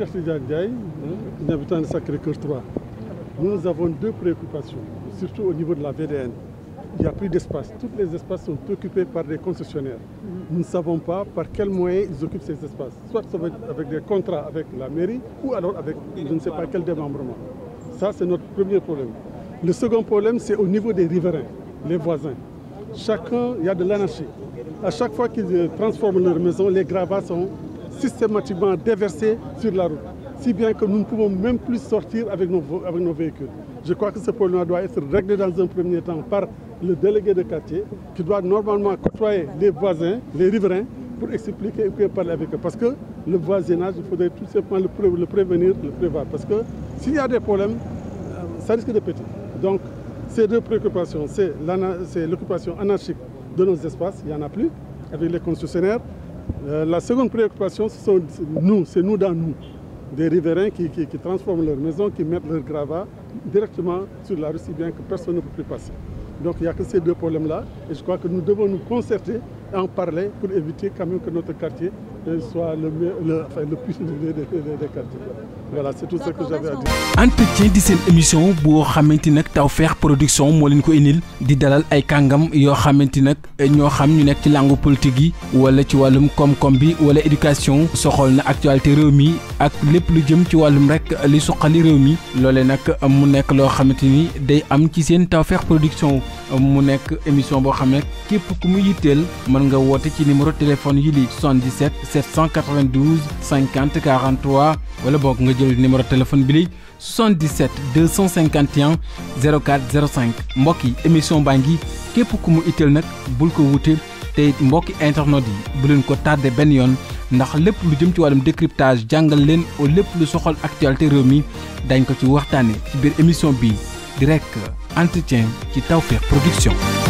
Cheikh Tidiane Diaye, un habitant de Sacré-Cœur nous avons deux préoccupations, surtout au niveau de la VDN. Il n'y a plus d'espace. Tous les espaces sont occupés par des concessionnaires. Nous ne savons pas par quels moyens ils occupent ces espaces. Soit avec des contrats avec la mairie ou alors avec je ne sais pas quel démembrement. c'est notre premier problème. Le second problème, c'est au niveau des riverains, les voisins. Chacun, il a de l'anarchie. À chaque fois qu'ils transforment leur maison, les systématiquement déversés sur la route, si bien que nous ne pouvons même plus sortir avec nos, avec nos véhicules. Je crois que ce problème doit être réglé dans un premier temps par le délégué de quartier qui doit normalement côtoyer les voisins, les riverains, pour expliquer et pour parler avec eux. Parce que le voisinage, il faudrait tout simplement le, pré le prévenir, le prévoir. Parce que s'il y a des problèmes, euh, ça risque de péter. Donc, ces deux préoccupations, c'est l'occupation anarchique de nos espaces, il n'y en a plus, avec les concessionnaires, Euh, la seconde préoccupation, ce sont nous, c'est nous dans nous, des riverains qui, qui, qui, transforment leur maison, qui mettent leur gravat directement sur la rue, si bien que personne ne peut plus passer. Donc il n'y a que ces deux problèmes-là, et je crois que nous devons nous concerter et en parler pour éviter quand même que notre quartier soit ci le, di seen émission boo xamante nag Tawfekh Production moo leen ko indil di dalal ay kàngam yoo xamante nag ñoo xam ñu nekk ci làngu politique yi wala ci wàllum koom-koom bi wala éducation soxal na actualité réew mi ak lépp lu jëm ci wàllum rek li suqali réew mi loole nag mu nekk loo xamante ni day am ci seen Tawfekh Production. mu nekk émission boo xam ne képp ku mu yitteel mën nga woote ci numéro téléphone yi li 77 792 50 43 wala boog nga jël numéro téléphone bi li 77 251 04 05 mbokk yi émission baa ngi képp ku mu itteel nag bul ko wute tey mbokki internet yi bu leen ko tardé benn yoon ndax lépp lu jëm ci wàllum décryptage jàngal leen au lépp lu soxal actualité réew mi dañ ko ci waxtaane ci biir émission bi direct entretien ci Tawfekh Production